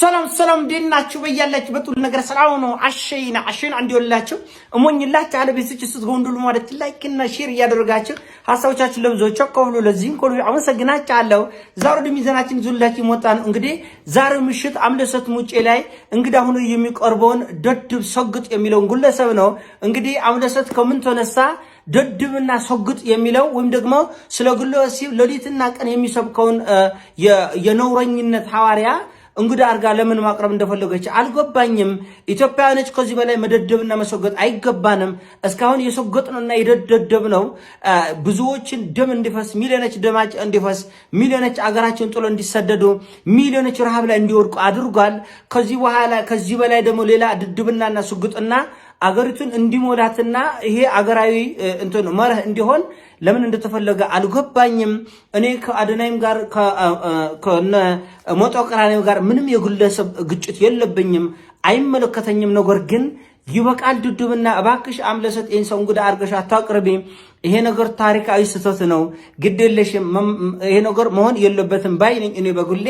ሰላም ሰላም፣ ደህና ናችሁ? በያላችሁ በጥሉ ነገር ሰላም ነው። አሸይና አሸይና እንዲወላችሁ እሞኝላችሁ አለ ቤቶች ስትሆን ሁሉ ማለት ላይክ እና ሼር እያደረጋችሁ ሀሳቦቻችሁ ለብዙዎች ከሁሉ ለዚህም ሁሉ አመሰግናችኋለሁ። ዛሬ ወደ ሚዛናችን ዙላችሁ ይሞጣን። እንግዲህ ዛሬ ምሽት አምለሰት ሙጬ ላይ እንግዳ ሆኖ የሚቀርበውን ደድብ ሰግጥ የሚለውን ግለሰብ ነው። እንግዲህ አምለሰት ከምን ተነሳ ደድብና ሰግጥ የሚለው ወይም ደግሞ ስለ ግለሰብ ሌሊትና ቀን የሚሰብከውን የነውረኝነት ሐዋርያ እንግዳ አድርጋ ለምን ማቅረብ እንደፈለገች አልገባኝም። ኢትዮጵያውያኖች ከዚህ በላይ መደደብና መሰገጥ አይገባንም። እስካሁን የሰገጥነውና የደደደብነው ብዙዎችን ደም እንዲፈስ፣ ሚሊዮኖች ደማጭ እንዲፈስ፣ ሚሊዮኖች አገራችን ጥሎ እንዲሰደዱ፣ ሚሊዮኖች ረሃብ ላይ እንዲወድቁ አድርጓል። ከዚህ በኋላ ከዚህ በላይ ደግሞ ሌላ ድድብናና ስግጥና አገሪቱን እንዲሞላትና ይሄ አገራዊ እንትን መርህ እንዲሆን ለምን እንደተፈለገ አልገባኝም። እኔ ከአደናይም ጋር ከነ ሞጦ ቅራኔው ጋር ምንም የግለሰብ ግጭት የለብኝም፣ አይመለከተኝም። ነገር ግን ይበቃል ድድብና እባክሽ አምለሰት ይህን ሰው እንግዳ አድርገሽ አታቅርቢ። ይሄ ነገር ታሪካዊ ስህተት ነው። ግድ የለሽም። ይሄ ነገር መሆን የለበትም ባይ ነኝ እኔ በግሌ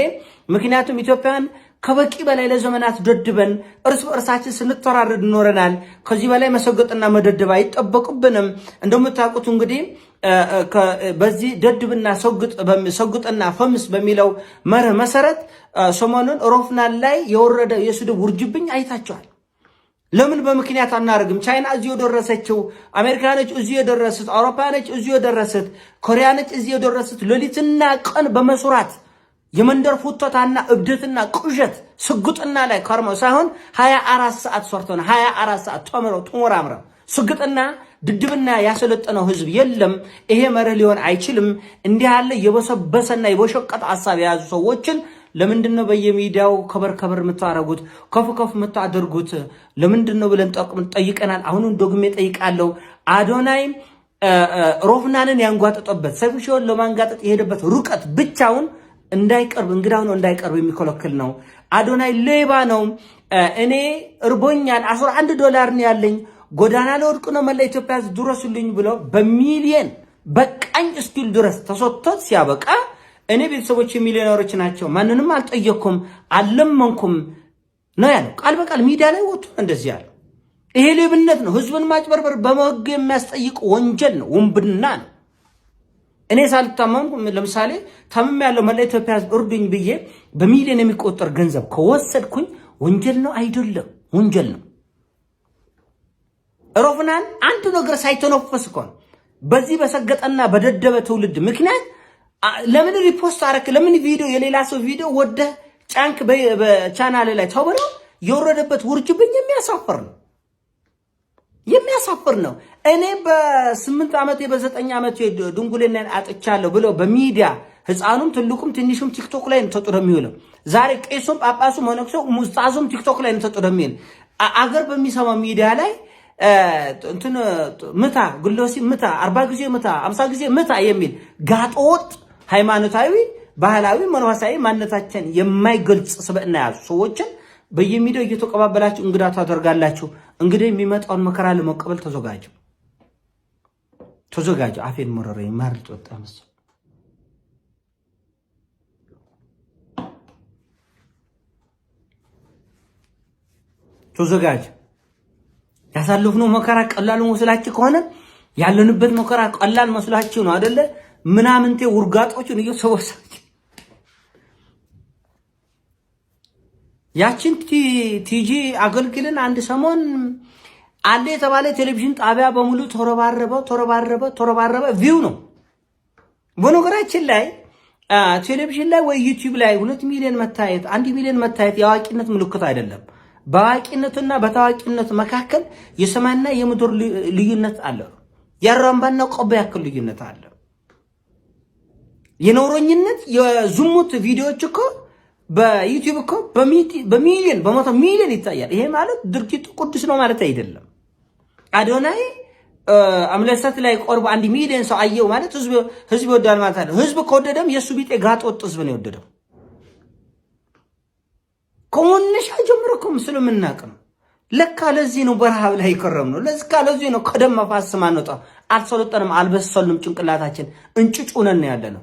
ምክንያቱም ኢትዮጵያን ከበቂ በላይ ለዘመናት ደድበን እርስ በእርሳችን ስንተራረድ ኖረናል። ከዚህ በላይ መሰገጥና መደደብ አይጠበቅብንም። እንደምታውቁት እንግዲህ በዚህ ደድብና ሰጉጥና ፈምስ በሚለው መርህ መሰረት ሰሞኑን ሮፍናን ላይ የወረደ የስድብ ውርጅብኝ አይታቸዋል። ለምን በምክንያት አናደርግም? ቻይና እዚ የደረሰችው፣ አሜሪካኖች እዚሁ የደረሱት፣ አውሮፓኖች እዚሁ የደረሱት፣ ኮሪያኖች እዚሁ የደረሱት ሌሊትና ቀን በመስራት የመንደር ፉተታና እብደትና ቁዠት ስግጥና ላይ ከርመው ሳይሆን ሀያ አራት ሰዓት ሰርተነ ሀያ አራት ሰዓት ተምረው ተሞራምረው ስግጥና ድድብና ያሰለጠነው ህዝብ የለም። ይሄ መርህ ሊሆን አይችልም። እንዲህ ያለ የበሰበሰና የበሸቀጠ ሀሳብ የያዙ ሰዎችን ለምንድን ነው በየሚዲያው ከበር ከበር የምታደርጉት ከፍ ከፍ የምታደርጉት? ለምንድን ነው ብለን ጠይቀናል። አሁንም ደግሜ ጠይቃለሁ። አዶናይ ሮፍናንን ያንጓጠጠበት ሰይፉ ለማንጋጠጥ የሄደበት ሩቀት ብቻውን እንዳይቀርብ እንግዳው ነው እንዳይቀርብ የሚከለክል ነው። አዶናይ ሌባ ነው። እኔ እርቦኛል፣ 11 ዶላር ነው ያለኝ፣ ጎዳና ለወድቅ ነው፣ መላ ኢትዮጵያ ድረሱልኝ ብሎ በሚሊየን በቃኝ እስኪል ድረስ ተሰጥቶት ሲያበቃ እኔ ቤተሰቦች ሚሊዮነሮች ናቸው፣ ማንንም አልጠየኩም፣ አልለመንኩም ነው ያለው። ቃል በቃል ሚዲያ ላይ ወጥቶ እንደዚህ ያለው ይሄ ሌብነት ነው። ህዝብን ማጭበርበር በመወግ የሚያስጠይቅ ወንጀል ነው፣ ውንብድና ነው። እኔ ሳልታመም ለምሳሌ ታመም ያለው መላ ኢትዮጵያ እርዱኝ ብዬ በሚሊዮን የሚቆጠር ገንዘብ ከወሰድኩኝ ወንጀል ነው አይደለም? ወንጀል ነው። ሮፍናን አንድ ነገር ሳይተነፈስ እኮ ነው። በዚህ በሰገጠና በደደበ ትውልድ ምክንያት ለምን ሪፖስት አረክ? ለምን ቪዲዮ የሌላ ሰው ቪዲዮ ወደ ጫንክ በቻናል ላይ ተብሎ የወረደበት ውርጅብኝ የሚያሳፍር ነው። የሚያሳፍር ነው። እኔ በስምንት ዓመቴ በዘጠኝ ዓመቴ ድንጉልናን አጥቻለሁ ብለው በሚዲያ ህፃኑም ትልቁም ትንሹም ቲክቶክ ላይ ነው ተጥሮ የሚውለው። ዛሬ ቄሱም ጳጳሱም መነኩሴው ሙስታዙም ቲክቶክ ላይ ነው ተጥሮ የሚውል። አገር በሚሰማው ሚዲያ ላይ እንትን ምታ ግሎሲ ምታ አርባ ጊዜ ምታ አምሳ ጊዜ ምታ የሚል ጋጠወጥ ሃይማኖታዊ፣ ባህላዊ፣ መንፈሳዊ ማንነታችን የማይገልጽ ስብዕና ያዙ ሰዎችን በየሚዲያው እየተቀባበላችሁ እንግዳ ታደርጋላችሁ። እንግዲህ የሚመጣውን መከራ ለመቀበል ተዘጋጁ፣ ተዘጋጁ። አፌን መረረ ማር ወጣ መስ ተዘጋጁ። ያሳለፍነው መከራ ቀላል መስላችሁ ከሆነ ያለንበት መከራ ቀላል መስላችሁ ነው አይደለ? ምናምንቴ ውርጋጦችን እየሰወሳችሁ ያችን ቲጂ አገልግልን አንድ ሰሞን አለ የተባለ ቴሌቪዥን ጣቢያ በሙሉ ተረባረበ ተረባረበ ተረባረበ ቪው ነው። በነገራችን ላይ ቴሌቪዥን ላይ ወይ ዩቲዩብ ላይ ሁለት ሚሊዮን መታየት አንድ ሚሊዮን መታየት የአዋቂነት ምልክት አይደለም። በአዋቂነትና በታዋቂነት መካከል የሰማይና የምድር ልዩነት አለ። የአራምባና ቆቦ ያክል ልዩነት አለ። የነውረኝነት የዝሙት ቪዲዮዎች እኮ በዩቲዩብ እኮ በሚሊዮን በመቶ ሚሊዮን ይታያል። ይሄ ማለት ድርጊቱ ቅዱስ ነው ማለት አይደለም። አዶናይ አምለሰት ላይ ቆርቦ አንድ ሚሊዮን ሰው አየው ማለት ህዝብ ይወዳል ማለት አለ። ህዝብ ከወደደም የእሱ ቢጤ ጋጥ ወጥ ህዝብ ነው የወደደው። ከመነሻ ጀምሮ እኮ ምስሉ የምናቅ ነው። ለካ ለዚህ ነው በረሃብ ላይ ይከረም ነው። ለዚካ ለዚህ ነው ከደም መፋስ ማንወጣ። አልሰለጠንም፣ አልበሰልንም። ጭንቅላታችን እንጭጭ ነን ያለ ነው።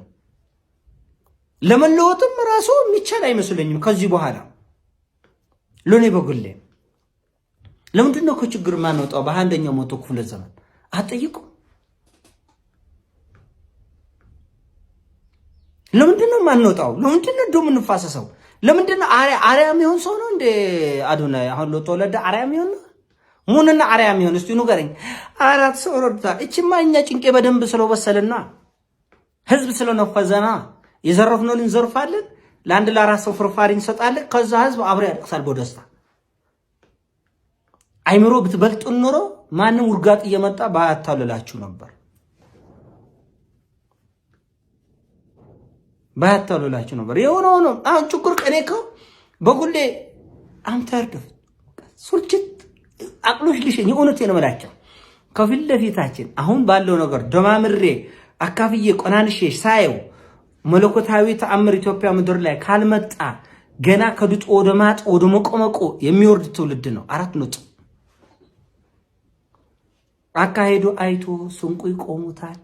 ለመለወጥም ራሱ የሚቻል አይመስለኝም ከዚህ በኋላ ለእኔ በግሌ ለምንድን ነው ከችግር ማንወጣው? በአንደኛው መቶ ክፍለ ዘመን አትጠይቁም? ለምንድን ነው ማንወጣው? ለምንድን ነው ደም እንፋሰሰው? ለምንድን ነው አርያ የሚሆን ሰው ነው እንደ አዶናይ አሁን ለተወለደ አርያ የሚሆን ነው? ሙንና አርያ የሚሆን እስቲ ንገረኝ። አራት ሰው ረድታ እችማ እኛ ጭንቄ በደንብ ስለበሰልና ህዝብ ስለነፈዘና የዘረፍነውን እንዘርፋለን። ለአንድ ለአራት ሰው ፍርፋሪ እንሰጣለን። ከዛ ህዝብ አብሮ ያለቅሳል በደስታ አይምሮ ብትበልጥ ኖሮ ማንም ውርጋጥ እየመጣ ባያታልላችሁ ነበር፣ ባያታልላችሁ ነበር። የሆነ ሆኖ አሁን ችኩር ቀኔ ከው በጉሌ አምተርድፍ ሱልችት አቅሎች ልሽኝ የእውነት የነመላቸው ከፊት ለፊታችን አሁን ባለው ነገር ደማምሬ አካፍዬ ቆናንሼ ሳየው መለኮታዊ ተአምር ኢትዮጵያ ምድር ላይ ካልመጣ ገና ከድጡ ወደ ማጡ ወደ መቆመቆ የሚወርድ ትውልድ ነው። አራት ነጥብ አካሄዱ አይቶ ስንቁ ይቆሙታል።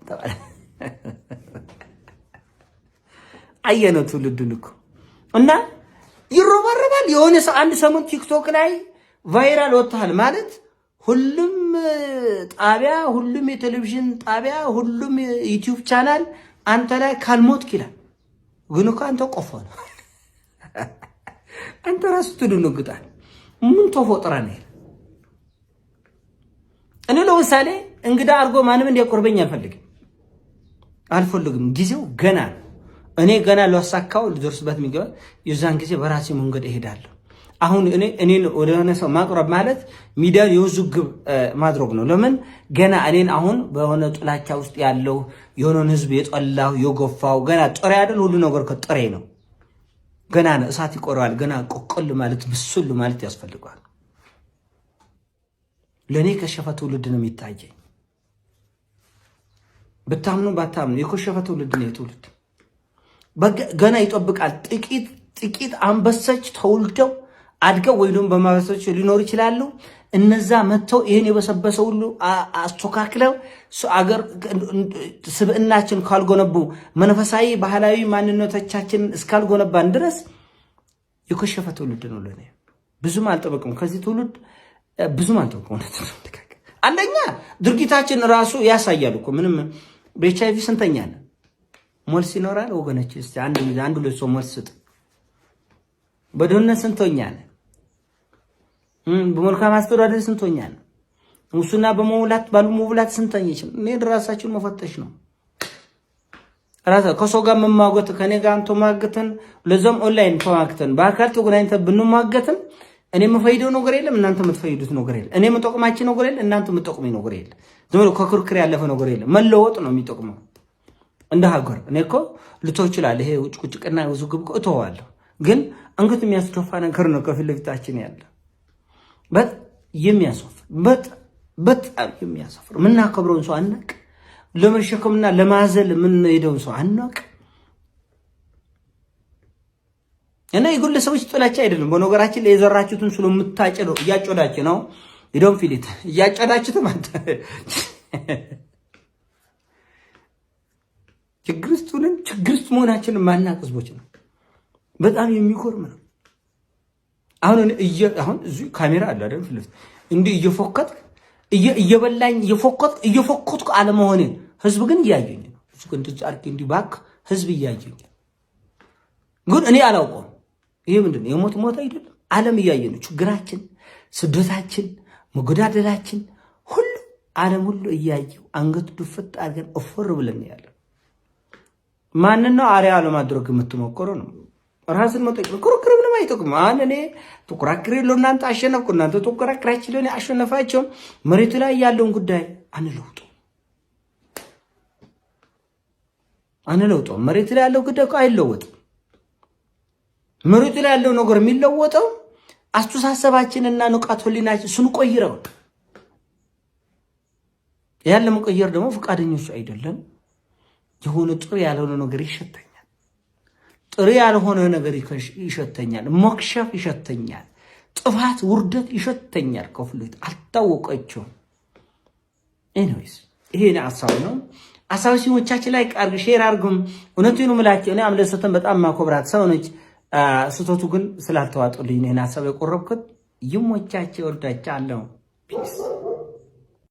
አየነው ትውልዱን እኮ እና ይረባረባል። የሆነ ሰው አንድ ሰሞን ቲክቶክ ላይ ቫይራል ወጥቷል ማለት ሁሉም ጣቢያ፣ ሁሉም የቴሌቪዥን ጣቢያ፣ ሁሉም ዩቲዩብ ቻናል አንተ ላይ ካልሞት ይላል። ግን እኮ አንተ ቆፎ ነው። አንተ ራስህ ትደነግጣል። ምን ተፈጥረ ነው? እኔ ለምሳሌ እንግዳ አድርጎ ማንም እንዲያቆርበኝ አልፈልግም አልፈልግም። ጊዜው ገና ነው። እኔ ገና ላሳካው ልደርስበት የሚገባ የዛን ጊዜ በራሴ መንገድ እሄዳለሁ። አሁን እኔን ወደሆነ ሰው ማቅረብ ማለት የውዙ የውዝግብ ማድረግ ነው። ለምን ገና እኔን አሁን በሆነ ጥላቻ ውስጥ ያለው የሆነን ህዝብ የጠላው የጎፋው ገና ጥሬ አይደል፣ ሁሉ ነገር ከጥሬ ነው። ገና ነው፣ እሳት ይቆረዋል። ገና ቆቆል ማለት ብሱል ማለት ያስፈልገዋል። ለእኔ ከሸፈ ትውልድ ነው የሚታየኝ። ብታምኑ ባታምኑ የኮሸፈ ትውልድ ነው የትውልድ ገና ይጠብቃል። ጥቂት ጥቂት አንበሶች ተውልደው አድገው ወይ ደግሞ በማህበረሰቦች ሊኖሩ ይችላሉ። እነዛ መጥተው ይህን የበሰበሰ ሁሉ አስተካክለው አገር ስብዕናችን ካልጎነቡ መንፈሳዊ ባህላዊ ማንነቶቻችን እስካልጎነባን ድረስ የኮሸፈ ትውልድ ነው። ለእኔ ብዙም አልጠበቅም፣ ከዚህ ትውልድ ብዙም አልጠበቅም። እውነት ነው። አንደኛ ድርጊታችን ራሱ ያሳያል እኮ ምንም በኤች አይቪ ስንተኛ ነን? ሞልስ ይኖራል ወገኖች፣ አንድ ሁለት ሰው ሞልስ ስጥ። በድህነት ስንተኛ ነን? በመልካም አስተዳደር ስንቶኛል? ሙስና በመውላት ባሉ መውላት ስንተኝች? ነው? ራሳችን መፈተሽ ነው። ራስ ከሰው ጋር መማገት ከኔ ጋር አንተ ማገተን ለዛም ኦንላይን ተማግተን በአካል ተገናኝተን ብንማገትም እኔ የምፈይደው ነገር የለም፣ እናንተ የምትፈይዱት ነገር የለም። እኔ የምጠቅማችሁ ነገር የለም፣ እናንተ የምትጠቅሙኝ ነገር የለም። ዝም ብሎ ከክርክር ያለፈ ነገር የለም። መለወጥ ነው የሚጠቅመው እንደ ሀገር። እኔ እኮ ልተው እችላለሁ፣ ይሄ ውጭቁጭቅና ውዝግብ እተዋለሁ። ግን አንገት የሚያስደፋ ነገር ነው ከፊት ለፊታችን ያለ በጥ የሚያሳፍር በጥ በጣም የሚያሳፍር የምናከብረውን ሰው አናቅ፣ ለመሸከምና ለማዘል የምንሄደውን ሰው አናቅ። እና የግለሰቦች ጥላቻ አይደለም። በነገራችን ላይ የዘራችሁትን ስለምታጭዱ እያጨዳችሁ ነው። ይደም ፊሊት እያጨዳችሁት ማለት ችግር ውስጥ መሆናችን ችግር ማናቅ ህዝቦች ነው። በጣም የሚጎርም ነው። አሁን አሁን እዚህ ካሜራ አለ አይደል? ፍልፍ እንዲህ እየፎከትክ እየበላኝ እየፎከትክ እየፎከትኩ አለመሆኔን ህዝብ ግን እያየኝ ነው። እሱ ግን ትጫርክ እንዲህ እባክህ ህዝብ እያየኝ ግን እኔ አላውቀውም። ይሄ ምንድነው? የሞት ሞት አይደለም። ዓለም እያየ ነው ችግራችን፣ ስደታችን፣ መጎዳደላችን ሁሉ ዓለም ሁሉ እያየው አንገቱ ድፍት አድርገን እፎር ብለን ያለ ማንን ነው አሪያ ለማድረግ የምትሞክረው ነው ራስን መጠቅም ክርክር ምንም አይጠቅም። አሁን እኔ ተከራክሬ ለእናንተ አሸነፍኩ፣ እናንተ ተከራክራችሁ ለእኔ አሸነፋቸውም። መሬቱ ላይ ያለውን ጉዳይ አንለውጡ አንለውጡ። መሬቱ ላይ ያለው ጉዳይ እኮ አይለወጥም። መሬቱ ላይ ያለው ነገር የሚለወጠው አስተሳሰባችንና ንቃት ህሊናችን ስንቆይረው፣ ያለ መቀየር ደግሞ ፈቃደኞች አይደለም። የሆነ ጥሩ ያልሆነ ነገር ይሸታኝ ጥሬ ያልሆነ ነገር ይሸተኛል፣ መክሸፍ ይሸተኛል፣ ጥፋት፣ ውርደት ይሸተኛል። ከፍሉት አልታወቀችውም። ኤኒዌይስ ይሄ ሀሳብ ነው። ሲሞቻችን ላይ ቃርግ ሼር አርግም። እውነቱን ምላቸው እኔ አምለሰተን በጣም ማኮብራት ሰው ነች። ስህተቱ ግን ስላልተዋጡልኝ ይህን ሀሳብ የቆረብኩት ይሞቻቸው ወርዳቻ አለው።